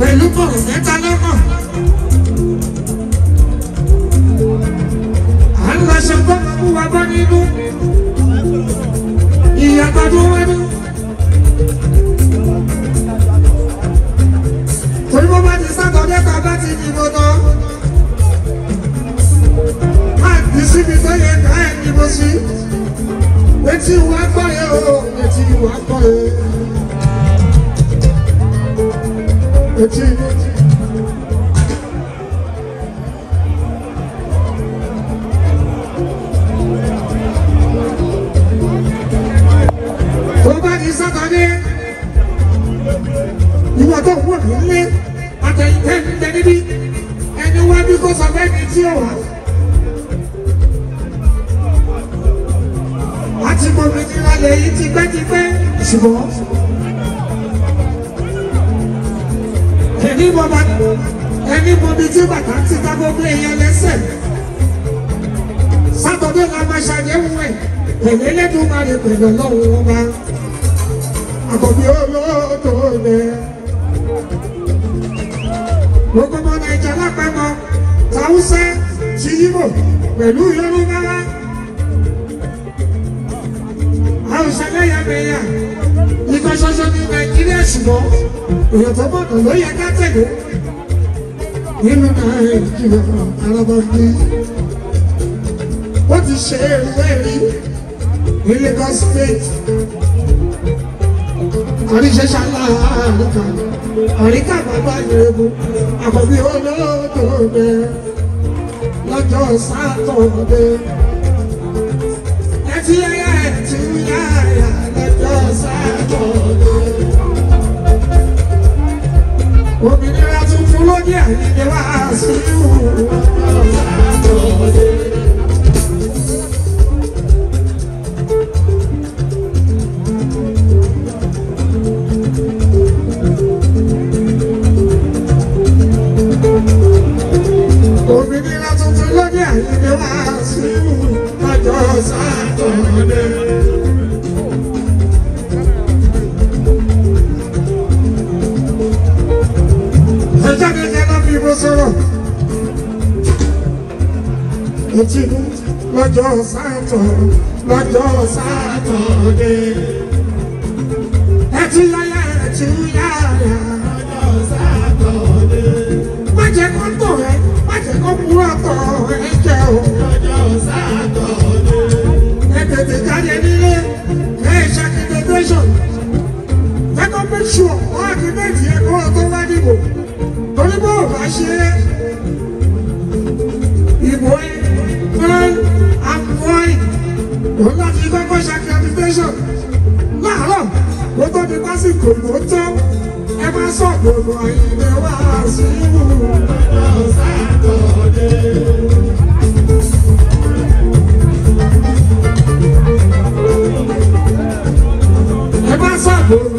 pẹ̀lú kọ̀ọ̀fẹ́ talámọ̀. à ń lọ ṣe gbọ́ fún wa bá nínú ìyàgbá tó wá ní. torí bó bá ti sátọ̀dẹ́ ká bá ti dìbò tán máa bí síbi tó yẹ ká ẹ̀ dìbò sí. Wetin wa gbọ́ yẹ o, wetin wa gbọ́ yẹ eti ó bá ní sátani ìwọ tó wọ nílé àtẹ̀yìntẹ́ níbẹ̀ níbí ẹni wá bí kò sọ fẹ́ni tí ó wà. láti mọ̀ mi ní lálẹ́ yìí tipẹ́tipẹ́ ṣùgbọ́n. èmi mọ bá ẹni mọ bí tí bàtà ti ká gbogbo èèyàn lẹ́sẹ̀ sátọdé la máa ṣàyẹ̀wò ẹ̀ èmi lẹ́nu máa rè pẹ̀lú ọlọ́run wọn bá àkọ́bí olóòtú rẹ̀ gbogbo ọmọ nàìjà lápapọ̀ tàwùsá ti yíbò pẹ̀lú Yorùbá wa àwùsá lẹ́yàmẹ̀yà ìkan ní Nàìjíríà ṣùgbọ́n ìyàtọ̀bọ̀ kan ló yẹ ká tẹ̀lé nínú náà ìjìnlẹ̀ alábọ̀ ní. wọ́n ti ṣe ìwé rí ní Lagos state Ako láàárọ̀kà àríkà bàbá ìrẹ́bù àkọ́bí olóòdòdè lọ́jọ́ sátọ̀dé ya ẹyà ẹtí yáyà lọ́jọ́ sátọ̀dé. òmìnira tuntun ló ní àyè ní wàásù. òmìnira tuntun ló ní àyè ní wàásù. ọjọ́ sáà tó ń dé. sọ̀rọ̀ etí lọ́jọ́ sátọ̀ lọ́jọ́ sátọ̀ dé ẹtí láyà ẹtí yára lọ́jọ́ sátọ̀ dé má jẹ́ kó tọ̀ ẹ́ má jẹ́ kó kúrò tọ̀ ẹ́ jẹ́ o make sure wọ́n á kí méjì àṣírí ìbò fún akọrin òun náà fi kọ́kọ́ ṣe accreditation láàárọ̀ kó tó di pásìkò mò ń tán ẹ máa sọ gbogbo ìgbẹ́ wá sí ìwú. ọ̀sán àkọ́dé. ẹ máa sọ gbogbo